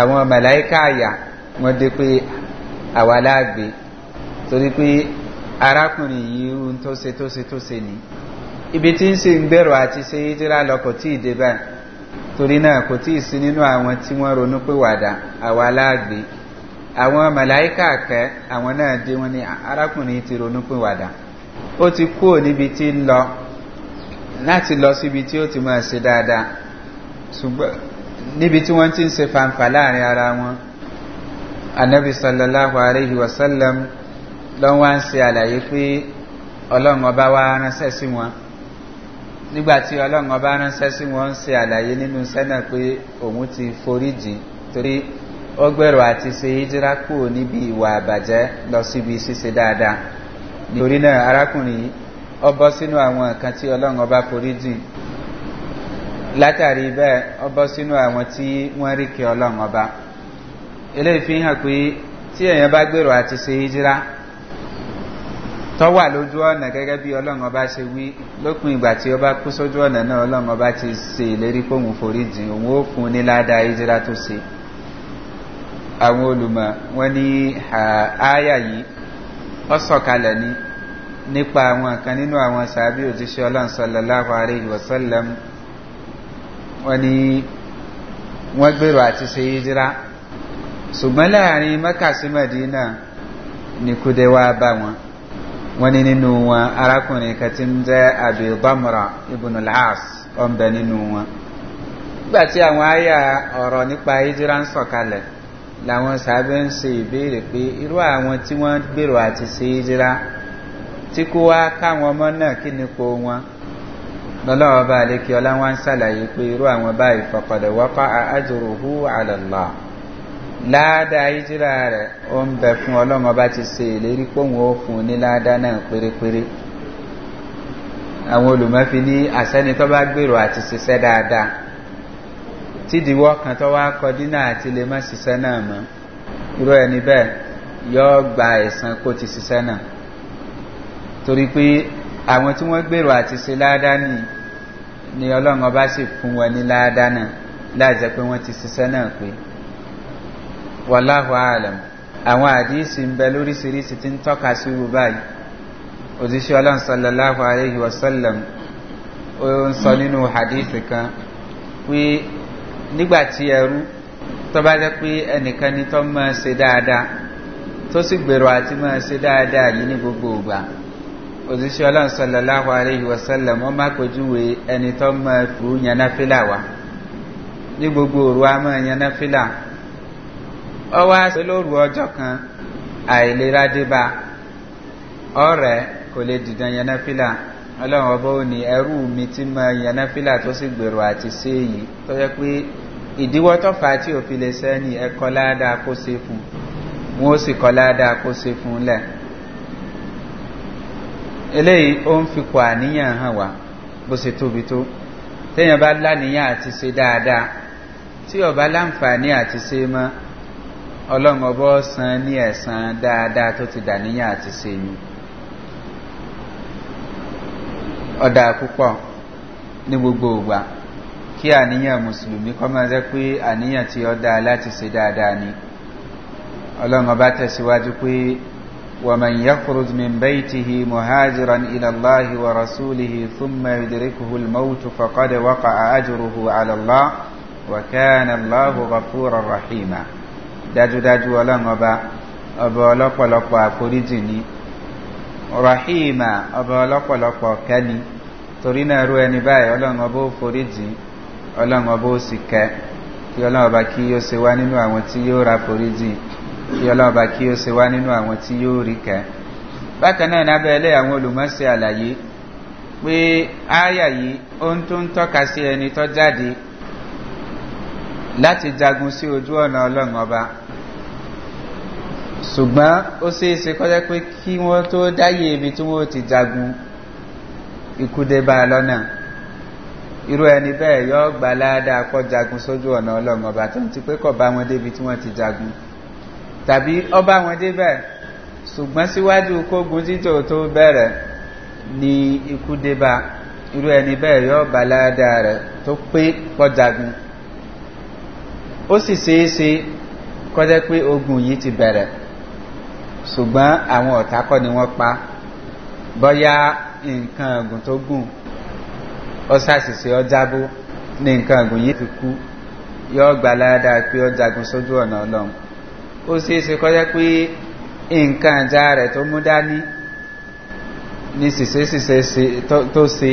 àwọn màláíkà àyà wọ́n dé pé àwa láàgbé torí pé arákùnrin yìí ohun tó ṣe tó ṣe tó ṣe ní ibi tí ń se ń gbèrò àti ṣe ìjírá lọ kò tí ìdè báyìí torí náà kò tí ì sí nínú àwọn tí wọ́n ronú pé wàdà àwọn aláàgbé àwọn màláìkà àkẹ́ àwọn náà dé wọn ní arákùnrin ti ronú pé wàdà ó ti kúrò níbi tí ń lọ láti lọ síbi tí ó ti máa ṣe dáadáa ṣùgbọ́n níbi tí wọ́n ti ń se fanfà láàrin ara wọn anabi sallallahu alayhi wa sallam lọ́n wá ń se àlàyé pé ọlọ́run ọba wá ránṣẹ́ sí wọn nígbàtí ọlọ́run ránṣẹ́ sí wọn ń se àlàyé nínú sẹ́nà pé òun ti foríjì torí ó gbèrò àti se ìjírá níbi ìwà àbàjẹ́ lọ síbi ṣíṣe dáadáa nítorí náà arákùnrin ọ bọ́ sínú àwọn nǹkan tí ọlọ́run foríjì látàrí bẹ́ẹ̀ ọ bọ́ sínú àwọn tí wọ́n rí kí ọba eléyìí fi hàn pé tọ́ wà lójú ọ̀nà gẹ́gẹ́ bí ọlọ́run ọba ṣe wí lópin ìgbà tí ó bá kú sójú ọ̀nà náà ọlọ́run ọba ti ṣe ìlérí fóun foríjì òun ó fún un ní ládàá ìjírá tó ṣe àwọn olùmọ̀ wọ́n ní àáyà yìí ọ sọ̀kalẹ̀ ní nípa àwọn kan nínú àwọn sàábí òjíṣẹ́ ọlọ́run sọlọ́láhu aríyí wọ́sọ́lẹ̀m wọ́n ní wọ́n gbèrò àti ṣe ìjírá ṣùgbọ́n láàrin mẹ́kà sí mẹ́dínà ní kúdẹ́wà bá wọn wọ́n ní nínú wọn arákùnrin kan tí ń jẹ́ àbí bamra ibùn al-as ọ̀nbẹ nínú wọn nígbà tí àwọn àyà ọ̀rọ̀ nípa hijira ń sọ̀kalẹ̀ làwọn sábẹ́ ń ṣe ìbéèrè pé irú àwọn tí wọ́n gbèrò àti ṣe hijira tí kó wá káwọn ọmọ náà kí ni po wọn lọ́lọ́wọ́ bá lékè ọlá wọn ṣàlàyé pé irú àwọn báyìí fọkọ̀dẹ̀ wọ́pá àjòrò hù àlọ́lá láàdáa ìjírà rẹ̀ ó ń bẹ fún ọlọ́run ọba ti se ìlérí póhùn ó fún ní láàdáa náà pérépéré àwọn olùmọ́fi ní àsẹ́ni tó bá gbèrò àti ṣiṣẹ́ dáadáa tídìwọ́ kan tó wá kọ dínà àti lè má ṣiṣẹ́ náà mọ́ irú ẹni bẹ́ẹ̀ yọ́ gba ẹ̀sán kó ti ṣiṣẹ́ náà torí pé àwọn tí wọ́n gbèrò àti ṣe láàdáa ni ni ọlọ́run ọba sì fún wọn ní láàdáa náà láì jẹ́ pé wọ́n ti ṣiṣẹ́ náà pé wàláhù àlàm àwọn àdísì ń bẹ lóríṣiríṣi tí ń tọ́ka sí irú báyìí òjíṣẹ́ ọlọ́run sallallahu alayhi wa sallam ó ń sọ nínú àdísì kan pé nígbà tí ẹrú tó bá jẹ́ pé ẹnìkan ni tó máa ṣe dáadáa tó sì gbèrò àti máa ṣe dáadáa yìí ní gbogbo ògbà òjíṣẹ́ ọlọ́run sallallahu alayhi ó má kojúwe ẹni tó máa fún yanáfílà wa ní gbogbo òru a máa yanáfílà wa ọwọ́ aṣe lóru ọjọ́ kan àìlera débá ọ̀rẹ́ kò lè dìdan yẹnẹ́fílà ọlọ́run ọba ò ní ẹrú mi tí mọ yẹnẹ́fílà tó sì gbèrò àti sí èyí tó yẹ pé ìdíwọ́ tọ́fà tí ò fi lè sẹ́ni ẹkọ́ ládàá kó ṣe fún wọn ó sì kọ́ ládàá kó ṣe fún lẹ̀ eléyìí ó ń fipò àníyàn hàn wá bó ṣe tóbi tó téèyàn bá láníyàn àti ṣe dáadáa tí ọba láǹfààní àti ṣe mọ́ ọlọ́run ọbọ̀ san ní ẹ̀sán dáadáa tó ti dàníyàn àti sèyí ọ̀dà púpọ̀ ní gbogbo ògbà kí àníyàn mùsùlùmí kọ́ máa jẹ́ pé àníyàn tí ó láti ṣe dáadáa ni ọlọ́run tẹ̀síwájú pé ومن يخرج من بيته مهاجرا إلى الله ورسوله ثم يدركه الموت فقد وقع أجره على الله وكان الله غفورا رحيما dájúdájú ọlọ́run ọba ọba ọlọ́pọ̀lọpọ̀ àforíjì ni rahima ọba ọlọ́pọ̀lọpọ̀ kẹ́ni torí náà rú ẹni báyìí ọlọ́run ọba ó foríjì ọlọ́run ọba ó sì kẹ́ kí ọlọ́run ọba kí yóò se wá nínú àwọn tí yóò ra foríjì kí ọlọ́run ọba kí yóò se wá nínú àwọn tí yóò rí kẹ́ bákan náà nábẹ́ẹ́lẹ́ àwọn olùmọ́sẹ̀ àlàyé pé ááyà yìí ó tó ń tọ́ka sí ẹni tó jáde láti jagun sí ojú ọ̀nà ọlọ́run ṣùgbọ́n ó ṣeéṣe kọjá pé kí wọ́n tó dáyé ibi tí wọ́n ti jagun ikúdébà lọ́nà irú ẹni bẹ́ẹ̀ yọ́ gbà láàdáa kọ́ jagun sójú ọ̀nà ọlọ́run ọba tó ń ti pé kọ̀ bá wọn débi tí wọ́n ti jagun tàbí ọba wọn débẹ̀ ṣùgbọ́n síwájú kógun títò tó bẹ̀rẹ̀ ni ikúdébà irú ẹni bẹ́ẹ̀ yọ́ gbà láàdáa rẹ̀ tó pé kọ́ jagun ó sì ṣeéṣe kọjá pé ogun yìí ti bẹ̀rẹ̀ ṣùgbọ́n àwọn ọ̀tá ni wọ́n pa bọ́yá nǹkan ọ̀gùn tó gùn ó ṣàṣìṣe ọjábó ní nǹkan ọ̀gùn yìí fi kú yọ́ gbà ládàá pé ó jagun sójú ọ̀nà ọlọ́run ó ṣeé ṣe kọjá pé nǹkan àjá rẹ̀ tó mú dání ní ṣìṣẹ́ṣìṣẹ́ tó ṣe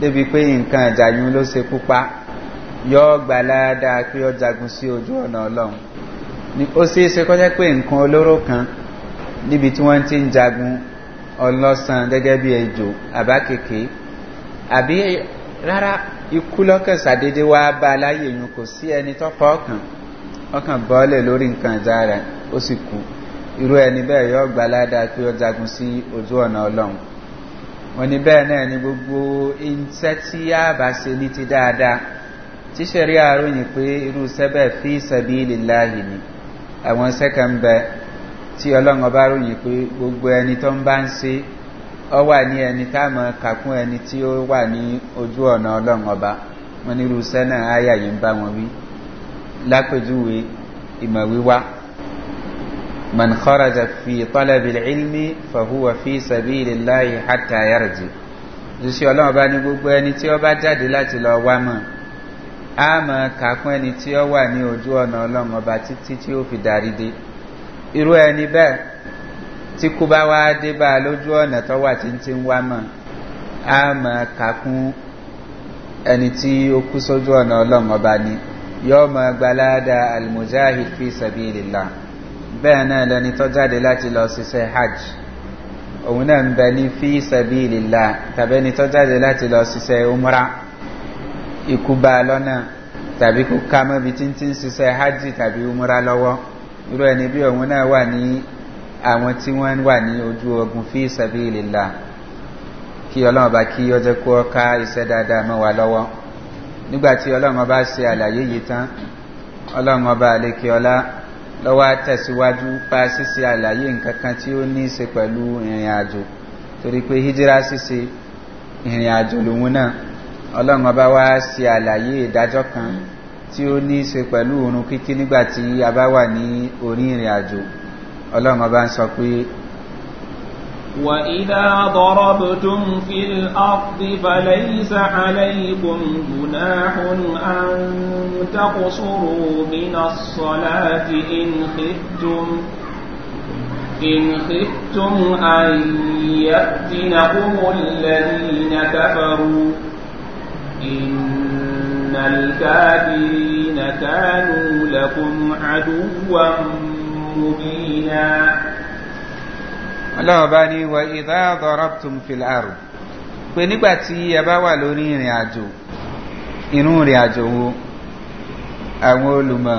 débi pé nǹkan àjá yún ló ṣe púpá yọ́ gbà ládàá pé ó sí ojú ọ̀nà ọlọ́run ó ṣeé ṣe kọjá pé nǹkan olóró kan níbi tí wọ́n ti ń jagun ọlọ́sàn gẹ́gẹ́ bí ẹjọ́ àbákèké àbí rárá ikú lọ́kàn sàdédé wá bá láyé yun kò sí ẹni tọ́kọ̀ ọkàn ọkàn bọ́ọ̀lẹ̀ lórí nǹkan ìjà rẹ̀ ó sì kú irú ẹni bẹ́ẹ̀ yọ gbà ládàá pé ó jagun sí ojú ọ̀nà ọlọ́run wọn ni bẹ́ẹ̀ náà ni gbogbo iṣẹ́ tí a bá ṣe ní ti dáadáa tíṣẹ̀rí àròyìn pé irú iṣẹ́ bẹ́ẹ̀ fi ṣẹ̀bí ìlìláyìí ni àwọn iṣẹ́ kan bẹ́ẹ̀ tí ọlọ́run ọba ròyìn pé gbogbo ẹni tó ń bá ń ṣe ọ wà ní ẹni tá a mọ̀ kàkún ẹni tí ó wà ní ojú ọ̀nà ọlọ́run ọba wọn nírú sẹ́nà áyà bá wọn wí lápèjúwe ìmọ̀ wíwá من خرج في طلب العلم فهو في سبيل الله حتى يرجع jíṣẹ́ ọlọ́run bá ní gbogbo ẹni tí ó bá jáde láti lọ wá mọ̀ á mọ̀ kàkún ẹni tí ó wà ní ojú ọ̀nà ọlọ́run ọba títí tí ó fi darí dé irú ẹni bẹ́ẹ̀ tí kú bá wá dé bá lójú ọ̀nà tó wà tí ń ti ń wá mọ̀ á mọ̀ kàkún ẹni tí ó kú sójú ọ̀nà ọlọ́run ọba ni yọ́ mọ̀ gbalada almujahid fi sàbí ìlìlá bẹ́ẹ̀ náà lẹni tó jáde láti lọ ṣiṣẹ́ hajj òun náà ń bẹ ní fi sàbí ìlìlá tàbẹ́ni tó jáde láti lọ ṣiṣẹ́ umra ikú bá lọ́nà tàbí kó ká mọ́bi tí ń ń ṣiṣẹ́ hajj tàbí umra lọ́wọ́ irú ẹni bí ọ̀hún náà wà ní àwọn tí wọ́n wà ní ojú ogun fi ìsàbí ìlìlà kí ọlọ́run bá kí ọjọ́ kó ọká iṣẹ́ dáadáa mọ́ wa lọ́wọ́ nígbàtí ọlọ́run bá ṣe àlàyé yìí tán ọlọ́run ọba àlékè ọlá lọ́wọ́ tẹ̀síwájú pa ṣíṣe àlàyé nkankan tí ó ní í ṣe pẹ̀lú ìrìn àjò torí pé hijira ṣíṣe ìrìn àjò lòun náà ọlọ́run ọba wá ṣe àlàyé ìdájọ́ kan tí ó ní ṣe pẹ̀lú oorun kíkí nígbàtí a bá wà ní orí ìrìn àjò ọlọ́run ọba ń sọ pé وَإِذَا ضَرَبْتُمْ فِي الْأَرْضِ فَلَيْسَ عَلَيْكُمْ جُنَاحٌ أَن تَقْصُرُوا مِنَ الصَّلَاةِ إِنْ خِفْتُمْ إن خفتم أن يأتنكم الذين كفروا إن إن الكافرين كانوا لكم عدوا مبينا ọlọ́run bá ní wọ ìdá ọ̀dọ̀rọ̀pùtùm fìlàrù pé nígbà tí ẹ bá wà lórí ìrìn àjò inú ìrìn àjò wo àwọn olùmọ̀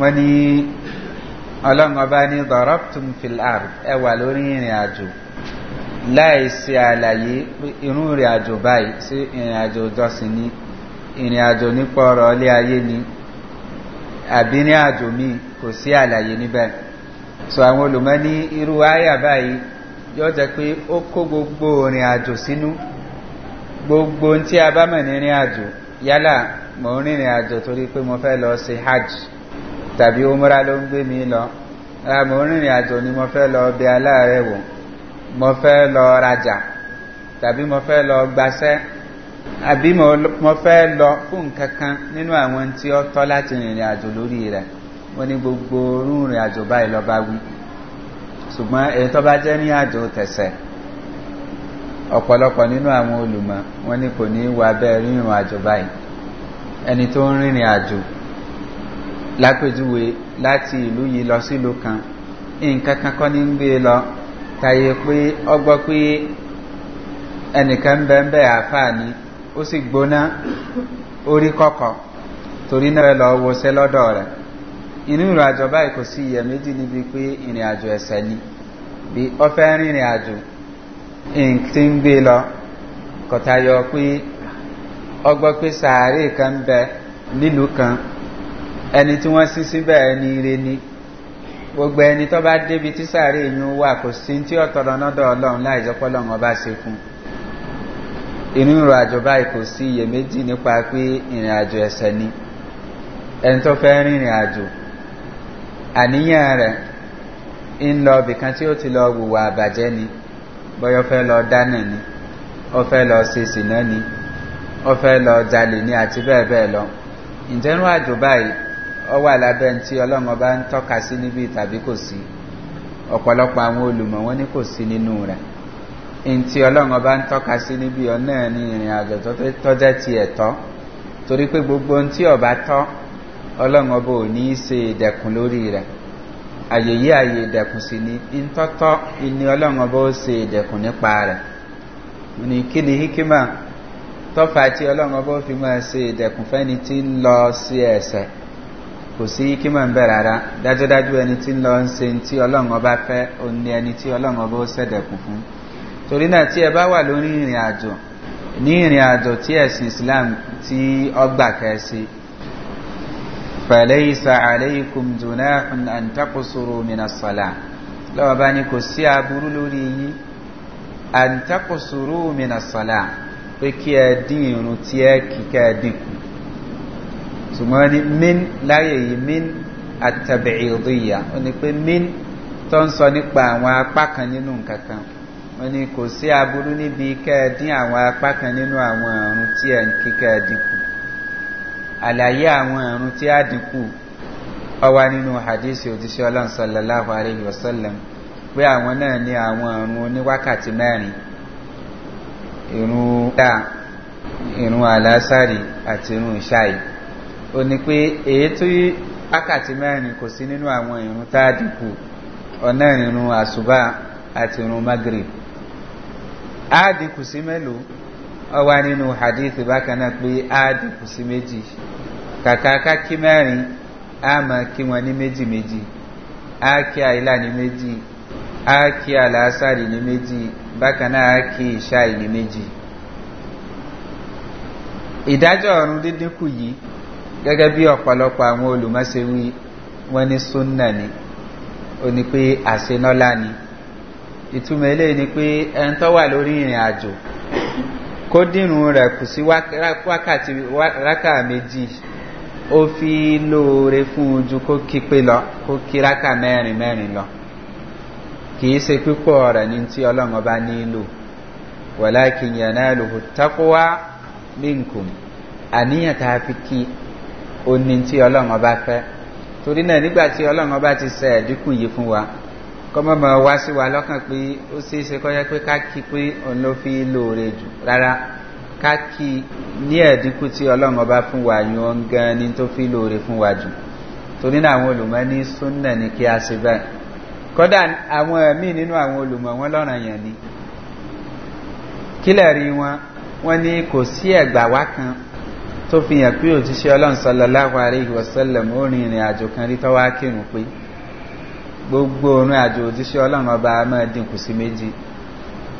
wọ́n ní ọlọ́run bá ní ọ̀dọ̀rọ̀pùtùm fìlàrù ẹ wà lórí ìrìn àjò láìsí àlàyé inú ìrìn àjò báyìí sí ìrìn àjò jọ́sìn ní ìrìn àjò nípa ọ̀rọ̀ ilé ayé ni àbí ní àjò míì kò sí àlàyé níbẹ̀ so àwọn olùmọ́ ní irú àyà báyìí yóò jẹ́ pé ó kó gbogbo ìrìn àjò sínú gbogbo tí a bá mọ̀ ní ìrìn àjò yálà mo ń rìnrìn àjò torí pé mo fẹ́ lọ sí hajj tàbí umra ló ń gbé mi lọ mo ń rìnrìn àjò ni mo fẹ́ lọ bẹ aláàrẹ̀ wò mo fẹ́ lọ rajà tàbí mo fẹ́ lọ gbaṣẹ́ àbí mo fẹ́ lọ fún kankan nínú àwọn tí ó tọ́ láti rìnrìn àjò lórí rẹ̀ wọ́n ní gbogbo rúnrìn àjò báyìí lọ bá wí ṣùgbọ́n èyí tó bá jẹ́ ní àjò tẹ̀sẹ̀ ọ̀pọ̀lọpọ̀ nínú àwọn olùmọ̀ wọ́n ní kò ní wà bẹ́ẹ̀ rírìn àjò báyìí ẹni tó ń rìnrìn àjò lápèjúwe láti ìlú yìí lọ sílùú kan nǹkan kan kọ́ ní ń gbé e lọ tàyè pé ọgbọ́ pé ẹnìkan bẹ́ẹ̀ bẹ́ẹ̀ àfáà ni ó sì gbóná orí kọ́kọ́ torí náà lọ wọṣẹ́ lọ́dọ̀ rẹ̀ inú ìrìn àjò báyìí kò sí iyèméjì níbi pé ìrìn àjò ẹ̀sẹ̀ ni bí rìnrìn àjò ń gbé lọ kọ̀tayọ pé ọgbọ́ pé sàárè kan bẹ nílùú kan ẹni tí wọ́n sí síbẹ̀ ẹni ire ni gbogbo ẹni tó bá débi tí sàárè yìí wà kò sí tí ọ̀tọ̀rọ̀ náà dọ̀ ọlọ́run láìjọpọ̀ lọ́run ọba ṣe fún inú ìrọ̀ àjò báyìí kò sí iyèméjì nípa pé ìrìn àjò ẹ̀sẹ̀ ni ẹni tó fẹ́ rìnrìn àjò àníyàn rẹ̀ ń lọ bìkan tí ó ti lọ wùwà àbàjẹ́ ni bọ́yọ́ fẹ́ lọ dáná ni ó fẹ́ lọ ṣe sìná ni ó fẹ́ lọ jalè ni àti bẹ́ẹ̀ bẹ́ẹ̀ lọ ìjẹ́rú àjò báyìí ọ wà lábẹ́ tí ọlọ́run bá ń tọ́ka sí níbi tàbí kò sí ọ̀pọ̀lọpọ̀ àwọn olùmọ̀ wọn ní kò sí nínú rẹ̀ ntí ọlọ́run ọba ń tọ́ka sí níbi ọ̀nà ní ìrìn àjò tọ́jẹ́ ti ẹ̀tọ́ torí pé gbogbo ntí ọba tọ́ ọlọ́run ọba ò ní í ṣe ìdẹ̀kùn lórí rẹ̀ àyè yí àyè ìdẹ̀kùn sí ni ntọ́tọ́ ni ọlọ́run ọba ó ṣe ìdẹ̀kùn nípa rẹ̀ ní kí ni hikima tọ́fà tí ọlọ́run ọba ó fi máa ṣe ìdẹ̀kùn fẹ́ni tí ń lọ sí ẹ̀sẹ̀ kò sí hikima ń bẹ̀ rárá dájúdájú ẹni tí ń lọ ń ṣe ti ọlọ́run ọba fẹ́ òun ni ẹni tí ọlọ́run ọba ó ṣẹ̀dẹ̀kùn fún torí náà tí ẹ bá wà lórí ìrìn àjò ní ìrìn àjò tí ẹ̀sìn islam tí ọgbà kẹsí fẹ̀lẹ́yìísà àlẹ́yìíkùn jùnáhùn àǹtakùsùrù mìnàsọ̀là lọ́wọ́ bá ní kò sí aburú lórí yí àǹtakùsùrù mìnàsọ̀là pé kí ẹ dín irun tí ẹ kíkẹ́ dínkù ṣùgbọ́n ní min láyé yìí min àtàbẹ̀ẹ́dìyà ó ní pé min tó ń sọ nípa àwọn apá kan nínú nǹkan kan wọ́n ní kò sí aburú níbi kẹ́ẹ̀dín àwọn apá kan nínú àwọn ọ̀run tí ẹ̀ ń kíkẹ́ dínkù àlàyé àwọn ọ̀run tí a dínkù ọwá nínú hadisi òjíṣẹ́ ọlọ́nsọ̀lọ́láhùn àríyí ọ̀sọ́lẹ̀m pé àwọn náà ní àwọn ọ̀run oníwákàtí mẹ́rin ìrún àlásàrì àti ìrún ìṣáì o ní pé èyí tó yí wákàtí mẹ́rin kò sí nínú àwọn ìrún tá a ọ̀nà ìrún àṣùbà àti ìrún magreth á dínkù melu ọwa ọ nínú hadith bákan náà pé á dínkù méjì kàkà ká kí mẹ́rin á kí wọn ní méjì méjì á kí ní méjì á àlàásàrì ní méjì bákan náà á ìṣáì ní méjì ìdájọ́ ọ̀run dídínkù yìí gẹ́gẹ́ bí ọ̀pọ̀lọpọ̀ àwọn wọ́n ní ni ó àṣenọ́lá ni. ìtumọ̀ ni pé ẹni tó wà lórí ìrìn àjò kó dìrùn rẹ̀ kù sí wákàtí rákà méjì ó fi lóore fún ojú kó kí pé lọ kó kí rákà mẹ́rin mẹ́rin lọ í ṣe pípọ̀ rẹ̀ ní tí ọlọ́run ọba nílò wàláàkì yànnà náà nígbà tí ọlọ́run ti ṣe ẹ̀dínkù yìí fún wa kọ́mọ́ mọ̀ wá sí wa lọ́kàn pé ó ṣeé ṣe kọ́yẹ́ pé ká kí pé òun ló fi lóore jù rárá ká kí ní ẹ̀dínkù tí ọlọ́run ọba fún wa yún ọ́n gan ni tó fi lóore fún wa jù torí náà àwọn olùmọ́ ní súnà ní kí a ṣe báyìí kọ́dà àwọn míì nínú àwọn olùmọ̀ wọn lọ́ràn yẹn ni kílẹ̀ rí wọn wọn ní kò sí ẹ̀gbà wá kan tó fi hàn pé òjíṣẹ́ ọlọ́run sọlọ́láhùn àríwọ̀sẹ́lẹ̀ mọ́ rìnrìn àjò kan rí tọ́wá kírun pé gbogbo òrùn àjò òjíṣẹ́ ọlọ́run ọba máa dínkù sí méjì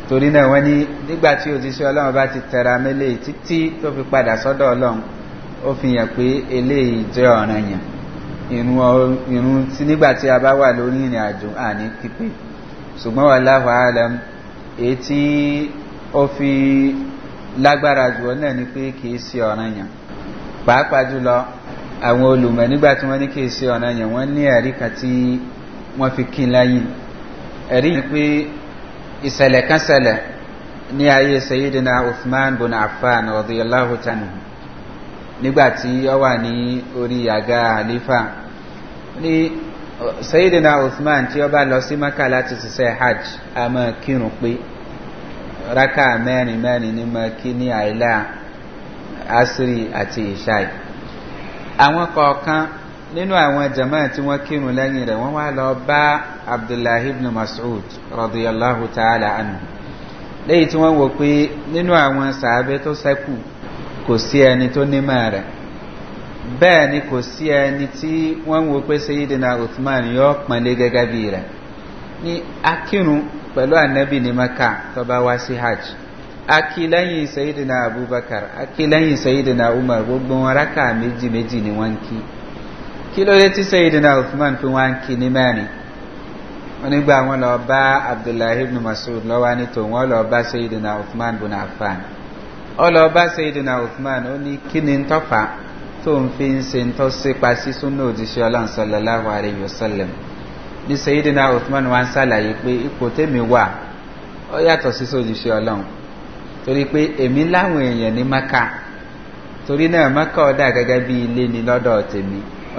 torí náà wọ́n ní nígbà tí òjíṣẹ́ ọlọ́run ọba ti tẹra mẹ́lẹ̀ títí tó fi padà sọ́dọ̀ ọlọ́run ó fi hàn pé eléyìí jẹ́ ọ̀ràn yàn irun tí nígbà tí a bá wà lórí ìrìn àjò àní pípé ṣùgbọ́n wà láwọ̀ ààlẹ́m èyí tí wọ́n fi kí láyé ẹ̀rí ni pé ìṣẹ̀lẹ̀ kan ṣẹlẹ̀ ní ayé sayidina uthman bin affan radiyallahu tanu nígbàtí ó wà ní orí àga halifa ní sayidina uthman tí ó bá lọ sí maka láti ṣiṣẹ́ hajj a máa kírun pé raka mẹ́rin mẹ́rin ní máa kí ní àìlà asiri àti ìṣáì àwọn kọ̀ọ̀kan nínú àwọn jama tí wọ́n kírun lẹ́yìn rẹ̀ wọ́n wá lọ bá abdullahi ibn mas'ud radiyallahu ta'ala anu léyìí tí wọ́n wò pé nínú àwọn sàábẹ́ tó sẹ́kù kò sí ẹni tó nímọ̀ rẹ̀ bẹ́ẹ̀ ni kò sí ẹni tí wọ́n wò pé sayidina uthman yọ pọ̀nlé gẹ́gẹ́ bí rẹ̀ ní akírun pẹ̀lú anabi ní maka tó bá wá sí hajj aki lẹ́yìn sayidina abubakar aki lẹ́yìn sayidina umar gbogbo wọn rákà méjì méjì ni wọ́n ń kí kí ló dé tí sayidina uthman fi wá ń kí ní mẹ́rin wọ́n nígbà wọn lọ bá abdullahi ibn masud lọ́wọ́ ní tòun lọ bá sayidina uthman bùnà afan ọ lọ bá sayidina uthman ó ní kí ni tó ń fi ń se ń tọ́ sí òjíṣẹ́ ní sayidina uthman wá ń sàlàyé pé ipò tèmi wà ó yàtọ̀ sí ọlọ́run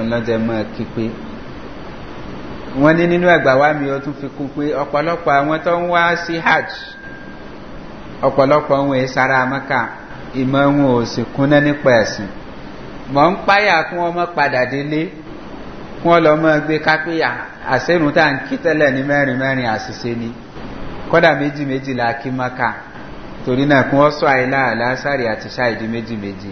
ńlọ́jẹ́ mọ́ kí pé wọ́n ní nínú ẹ̀gbà wá mi ó tún fi kún pé ọ̀pọ̀lọpọ̀ àwọn tó ń wá sí hajj ọ̀pọ̀lọpọ̀ ohun èé sára mọ́ka ìmọ̀ ohun ò sì kúnná nípa ẹ̀sìn mọ̀ ń páyà kún ọmọ padà délé kún ọlọ́mọ gbé kápẹ́yà àṣẹ́rùn tá à ń kí tẹ́lẹ̀ ní mẹ́rin mẹ́rin àṣìṣe ni kọ́dà méjì méjì la kí mọ́ka torí náà kún ọ́ sọ àìláàlá sáré àti ṣáìdí méjì méjì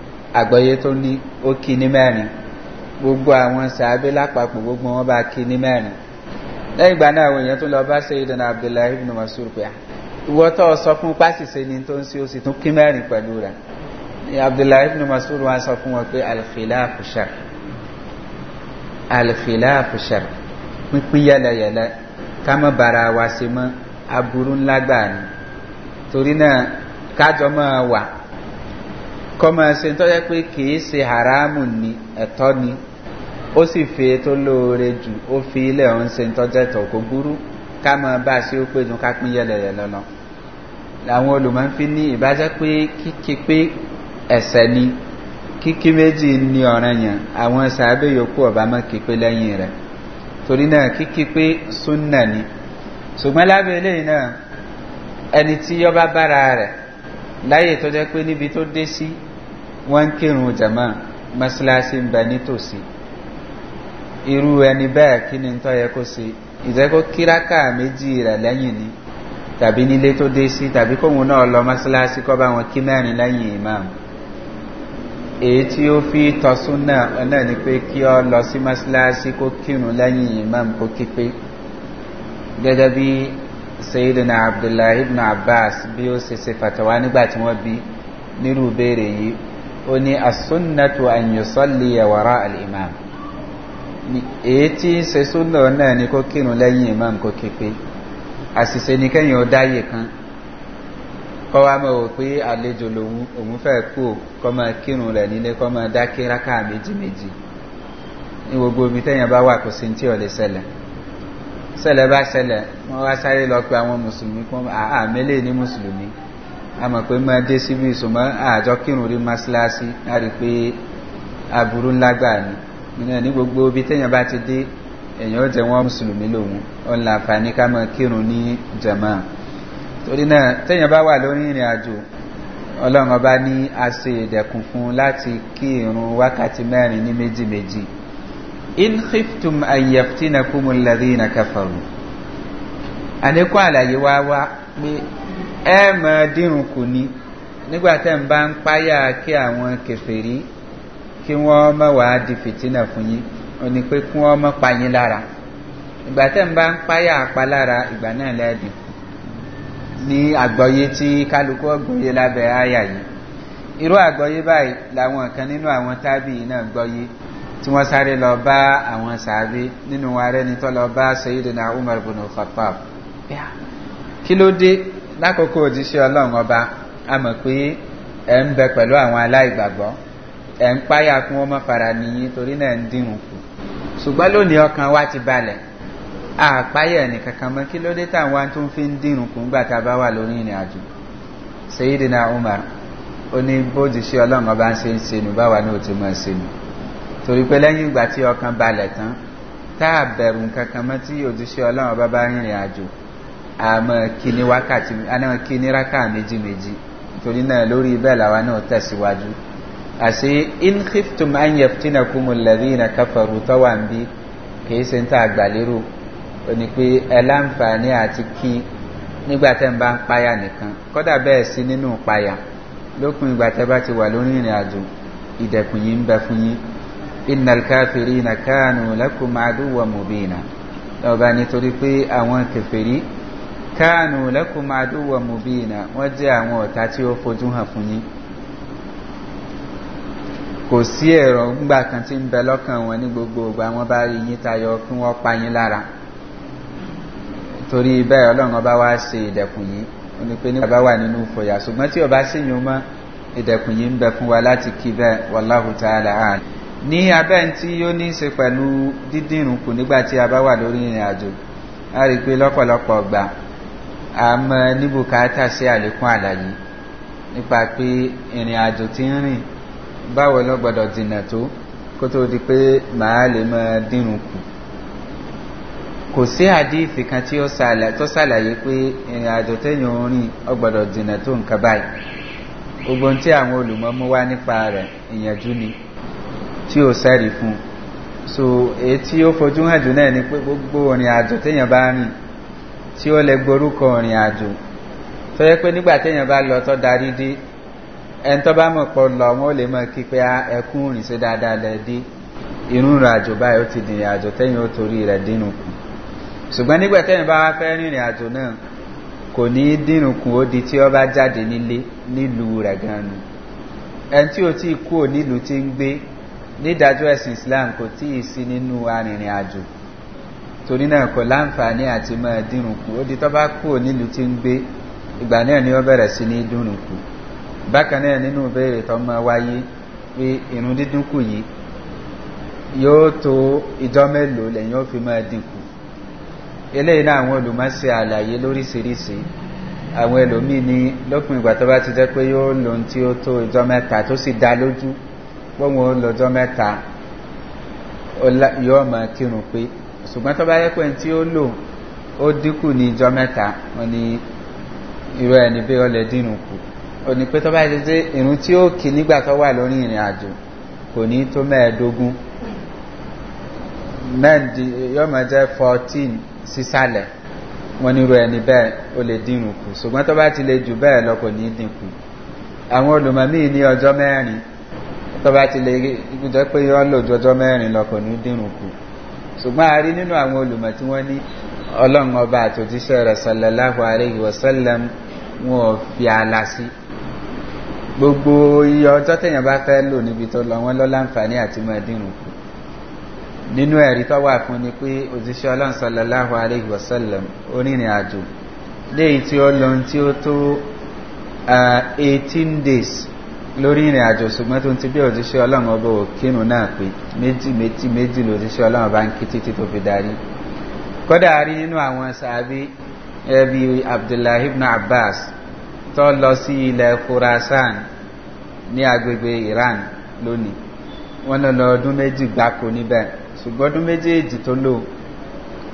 àgbọ́yé tó ní ó kí ní mẹ́rin gbogbo àwọn sàábé lápapọ̀ gbogbo wọn bá kí ní mẹ́rin lẹ́yìn ìgbà náà àwọn èèyàn tó lọ bá ṣe ìdánà abdullahi ibn masur pé ah, ìwọ́ tó sọ fún pásìṣe ni tó ń sí ó sì tún kí mẹ́rin pẹ̀lú rẹ̀ abdullahi ibn masur wọn sọ fún wọn pé alfilafushar alfilafushar pínpín yẹlẹyẹlẹ ká bara wa ṣe mọ́ aburú ńlá gbà ni torí náà kájọ máa wà kọ́mọ ẹsẹ̀ tó jẹ́ pé kìí ṣe haramu ni ẹ̀tọ́ ni ó sì fi tó lóore jù ó fi ilẹ̀ ọ̀hún ṣe tó jẹ́ tọ̀ kó burú ká bá a ó pé tún pín yẹlẹyẹ lọ́nà làwọn olùmọ̀ fi ní ìbájẹ́ pé kíkí pé ẹ̀sẹ̀ ni kíkí méjì ni ọ̀ràn yẹn àwọn sàábẹ̀ yòókù ọ̀bá mọ́ kí pé lẹ́yìn rẹ̀ torí náà kíkí pé súnà ni ṣùgbọ́n lábẹ́ eléyìí náà ẹni tí yọba bára rẹ̀ láyè tó jẹ́ pé níbi tó dé sí wọ́n ń kírun jama masilasi ń bẹ nítòsí irú ẹni bẹ́ẹ̀ kí ni tọ́ yẹ kó se ìjẹ́kó kíráka méjì rẹ̀ lẹ́yìn ni tàbí nílé tó dé sí tàbí kóhun náà lọ masilasi kọ́ bá wọn kí mẹ́rin lẹ́yìn imam èyí tí ó fi tọ́sún náà ọ̀nà ni pé kí ọ lọ sí masilasi kó kírun lẹ́yìn imam kó kí pé gẹ́gẹ́ bí sayidina abdullahi ibn abbas bí ó se se fatawa nígbà tí wọ́n bí nírú béèrè yìí ó ní asúnnàtò àyùsọ́lì yàwàrá al'imam èyí tí ṣe súnnà náà ni kó kírun lẹ́yìn imam kó képe àṣìṣe ní kẹ́yìn ó dáyè kan kọ́ wá mọ́ wò pé àlejò lòun fẹ́ kú kọ́ máa kírun rẹ̀ nílé kọ́ máa dákí rákà méjì omi tẹ́yìn bá wà kò sí tí ò lè ṣẹlẹ̀ ṣẹlẹ̀ bá ṣẹlẹ̀ wọ́n wá sáré lọ pé àwọn mùsùlùmí kọ́ àmẹ́lẹ̀ ní mùsùlùmí a mọ̀ pé máa dé síbi ìsùnmọ́ àjọ kírun rí mọ́síláṣí a rí pé aburú ńlá gbà ní nínú ní gbogbo bí téèyàn bá ti dé èèyàn ó jẹ wọn mùsùlùmí lòun ó ń láǹfààní ká mọ kírun ní jama torí náà téèyàn bá wà lórí ìrìn àjò ọlọ́run ọba ní àṣẹ ìdẹ̀kùn fún láti kí wákàtí mẹ́rin ní méjì méjì in khiftum kafaru àlékún àlàyé wá wá pé ẹ mọ̀ dírun kù ní nígbàtẹ́ ń bá ń páyà kí àwọn kẹfẹ̀rí kí wọ́n mọ̀ wá di fìtínà fún yín o ní pé kí wọ́n mọ̀ pa yín lára ìgbàtẹ́ ń bá ń páyà apá lára ìgbà náà lẹ́ẹ̀dín ní àgbọ́yé tí kálukú ọgbọ́yé lábẹ́ àyà yìí irú àgbọ́yé báyìí làwọn kan nínú àwọn tábì náà gbọ́yé tí wọ́n sáré lọ bá àwọn sàábé nínú wa rẹ́ni tó lọ bá sayidina umar bin khattab kí ló dé lákòókò òjíṣẹ́ ọlọ́run ọba a mọ̀ pé ẹ̀ ń bẹ pẹ̀lú àwọn aláìgbàgbọ́ ẹ̀ ń páyà kún ọmọ fara nìyí torí náà ń dìrùn kù ṣùgbọ́n lónìí ọkàn wa ti balẹ̀ àpáyà ẹ̀nì kankan mọ́ kí ló dé táwọn tó ń fi ń dìrùn kù ńgbà tá a bá wà lórí ìrìn àjò sèyídìnà umar ó ní bójúṣẹ́ ọlọ́run ọba ń ṣe ń sinú báwa náà ti mọ̀ sinú torí pé lẹ́yìn ìgbà tí ọkàn balẹ̀ tán tá a bẹ̀rù kankan mọ́ tí òjíṣẹ́ ọlọ́run ọba bá rìnrìn àjò àmọ́ kíní wákàtí àmọ́ kíní rákà méjì méjì torí náà lórí bẹ́ẹ̀ làwa náà tẹ̀síwájú àṣí in khiftum an yaftina kumul ladina kafaru tọ́wà ń bí kìí ṣe ń tà àgbàlérò ó ní pé ẹ láǹfààní àti kí nígbà tẹ́ ń bá ń páyà nìkan kọ́dà bẹ́ẹ̀ sí nínú páyà lókun ìgbà tẹ́ bá ti wà lórí ìrìn àjò ìdẹ̀kùn yìí ń bẹ fún yín innal kafirina kanu lakum aduwwan mubina ọba nítorí pé káànù lẹ́kùn máa dúwọ̀ mú bí ìnà wọ́n jẹ́ àwọn ọ̀tá tí ó fojú hàn fún yín kò sí ẹ̀rọ ńgbà kan tí ń bẹ lọ́kàn wọn ní gbogbo ìgbà wọn bá rí yín tayọ kí wọ́n pa yín lára torí bẹ́ẹ̀ ọlọ́run ọba wá ṣe ìdẹ̀kùn yìí ó ní pé ní bàbá wà nínú ìfòyà ṣùgbọ́n tí ọba sì yún mọ́ ìdẹ̀kùn yìí ń bẹ fún wa láti kí bẹ́ẹ̀ wàláhù tààlà hàn ní abẹ́ tí ó ní í ṣe pẹ̀lú dídìrùn nígbà tí a bá wà lórí ìrìn àjò a rí i pé lọ́pọ̀lọpọ̀ gbà a mọ ní bùkátà sí àlékún àlàyé nípa pé ìrìn àjò tí ń rìn báwo lọ gbọdọ̀ dìnà tó kó tó di pé màá lè mọ dínrùn kù kò sí àdíìfì kan tí tó sàlàyé pé ìrìn àjò téèyàn ń rìn dìnà tó nǹkan báyìí gbogbo tí àwọn olùmọ́ wá nípa rẹ̀ ìyànjú ni tí ó sẹ́rì fún so èyí tí ó fojú hàn jù náà ni pé gbogbo ìrìn àjò téèyàn bá rìn tí ó lè gborúkọ òrìn àjò tó yẹ pé nígbà téèyàn bá lọ tó darí dé ẹni tó bá mọ̀ pọ̀ lọ wọn ó lè mọ̀ kí pé ah, ẹkún rìn sí dáadáa lẹ dé irú ìrìn àjò báyìí ó ti dìrìn àjò tẹ́yìn ó torí rẹ̀ dínú kù ṣùgbọ́n nígbà bá fẹ́ rìnrìn àjò náà kò rẹ̀ gan ti kú nílùú islam kò sí nínú torí náà kò láǹfààní àti máa dínrùn kù ó di tó bá kú nílùú tí ń gbé ìgbà náà ni ó bẹ̀rẹ̀ sí ní dínrùn kù bákan náà nínú ìbéèrè tó máa wáyé pé irun dídún kù yìí yóò tó ìjọ mélòó lẹ́yìn ó fi máa dínkù eléyìí náà àwọn olùmọ́sí àlàyé lóríṣiríṣi àwọn ẹlòmíì ní lópin ìgbà tó bá ti jẹ́ pé yóò lòun tí ó tó ìjọ mẹ́ta tó sì dá lójú pé lọ́jọ́ mẹ́ta yóò máa kírun pé ṣùgbọ́n tó bá yẹ pé tí ó lò ó dínkù ní ìjọ mẹ́ta wọn ni irú ẹni bí ó lè dínkù kù ó ní pé tó bá yẹ pé tí ó kì nígbà tó wà lórí ìrìn àjò kò ní tó mẹ́ẹ̀ẹ́dógún mẹ́ǹdì yóò máa jẹ́ fourteen sísàlẹ̀ wọn ní irú ẹni bẹ́ẹ̀ ó lè dínkù kù ṣùgbọ́n tó bá ti lè jù bẹ́ẹ̀ lọ kò ní dínkù àwọn olùmọ̀mí ní ọjọ́ mẹ́rin tó bá ti lè jẹ́ pé yọ́ lò ju mẹ́rin lọ kò ní dínkù ṣùgbọ́n a rí nínú àwọn olùmọ̀ tí wọ́n ní ọlọ́run ọba àtòjíṣẹ́ rẹ̀ sọlọ́láhùn àríhì wọ́sọ́lẹ̀m wọn ò fi ààlà sí gbogbo iye ọjọ́ tẹ̀yàn bá fẹ́ lò níbi tó lọ wọ́n lọ́lá ǹfààní àti mọ̀ẹ́dínrù nínú ẹ̀rí 18 uh, days lórí ìrìn àjò ṣùgbọ́n tó ń ti bí òjíṣẹ́ ọlọ́run ọba òkínú náà pé méjì méjì méjì lòjíṣẹ́ ọlọ́run ọba ń kí títí tó fi darí kódà rí nínú àwọn sàábí ẹbí abdullahi ibn abbas tó lọ sí ilẹ̀ khorasan ní agbègbè iran lónìí wọ́n lọ lọ ọdún méjì gbáko níbẹ̀ ṣùgbọ́n ọdún méjèèjì tó lò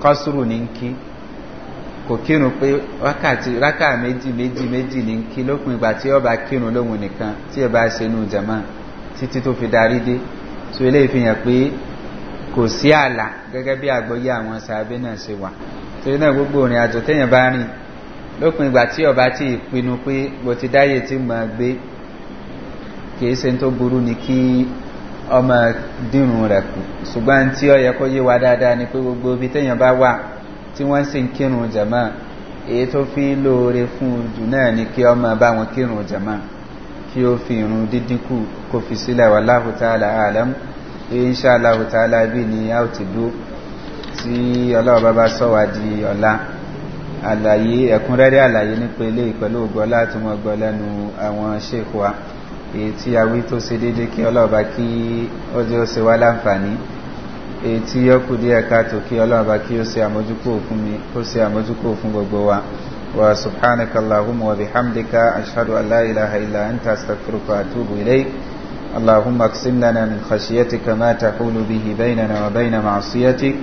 kọ́sùrù ní ń kí kò kírun pé wákàtí rákà méjì méjì méjì ní kí lópin ìgbà tí ọba kírun lóhun nìkan tí ọba ṣenú jama títí tó fi darí dé so ilé ìfihàn pé kò sí àlà gẹ́gẹ́ bí àgbọ́yé àwọn sàábẹ́ náà ṣe wà torí náà gbogbo òrìn àjò téèyàn bá rìn lópin ìgbà tí ọba ti ìpinnu pé mo ti dáyè tí mo gbé kìí ṣe tó burú ni kí ọmọ dìrùn rẹ̀ kù ṣùgbọ́n tí ọ yẹ kó yé wa dáadáa ni pé gbogbo ibi téèyàn bá wà tí wọ́n sì ń kírun jama èyí tó fi ń lóore fún jù náà ni kí ọmọ bá wọn kírun jama kí ó fi irun dídínkù kò fi sílẹ̀ wà láhùtàlá àlám insha Allah ta'ala bí ni a ò ti dúó tí ọlọ́wọ́ bá bá sọ́wà di ọ̀la àlàyé ẹ̀kúnrẹ́rẹ́ àlàyé nípa èyí tí yọ́ kù díẹ̀ káàtò kí ọlọ́ọ̀bá kí ó se àmójúkò fún mi kó se àmójúkò fún gbogbo wa wa subhanaka allahumma wa bihamdika ashhadu an la ilaha illa anta astaghfiruka wa atubu ilayk allahumma aqsim lana min khashyatika ma tahulu bihi baynana wa bayna ma'siyatik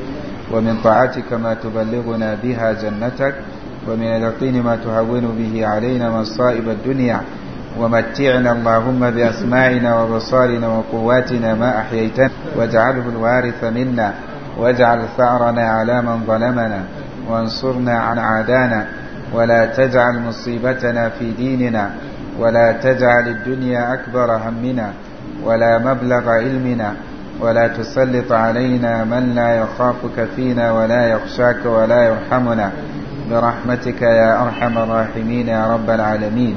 wa min ta'atika ma tuballighuna biha jannatak wa min al-yaqini ma tuhawwinu bihi alayna masa'ib ad-dunya ومتعنا اللهم بأسماعنا وبصارنا وقواتنا ما أحييتنا واجعله الوارث منا واجعل ثأرنا على من ظلمنا وانصرنا عن عادانا ولا تجعل مصيبتنا في ديننا ولا تجعل الدنيا أكبر همنا ولا مبلغ علمنا ولا تسلط علينا من لا يخافك فينا ولا يخشاك ولا يرحمنا برحمتك يا أرحم الراحمين يا رب العالمين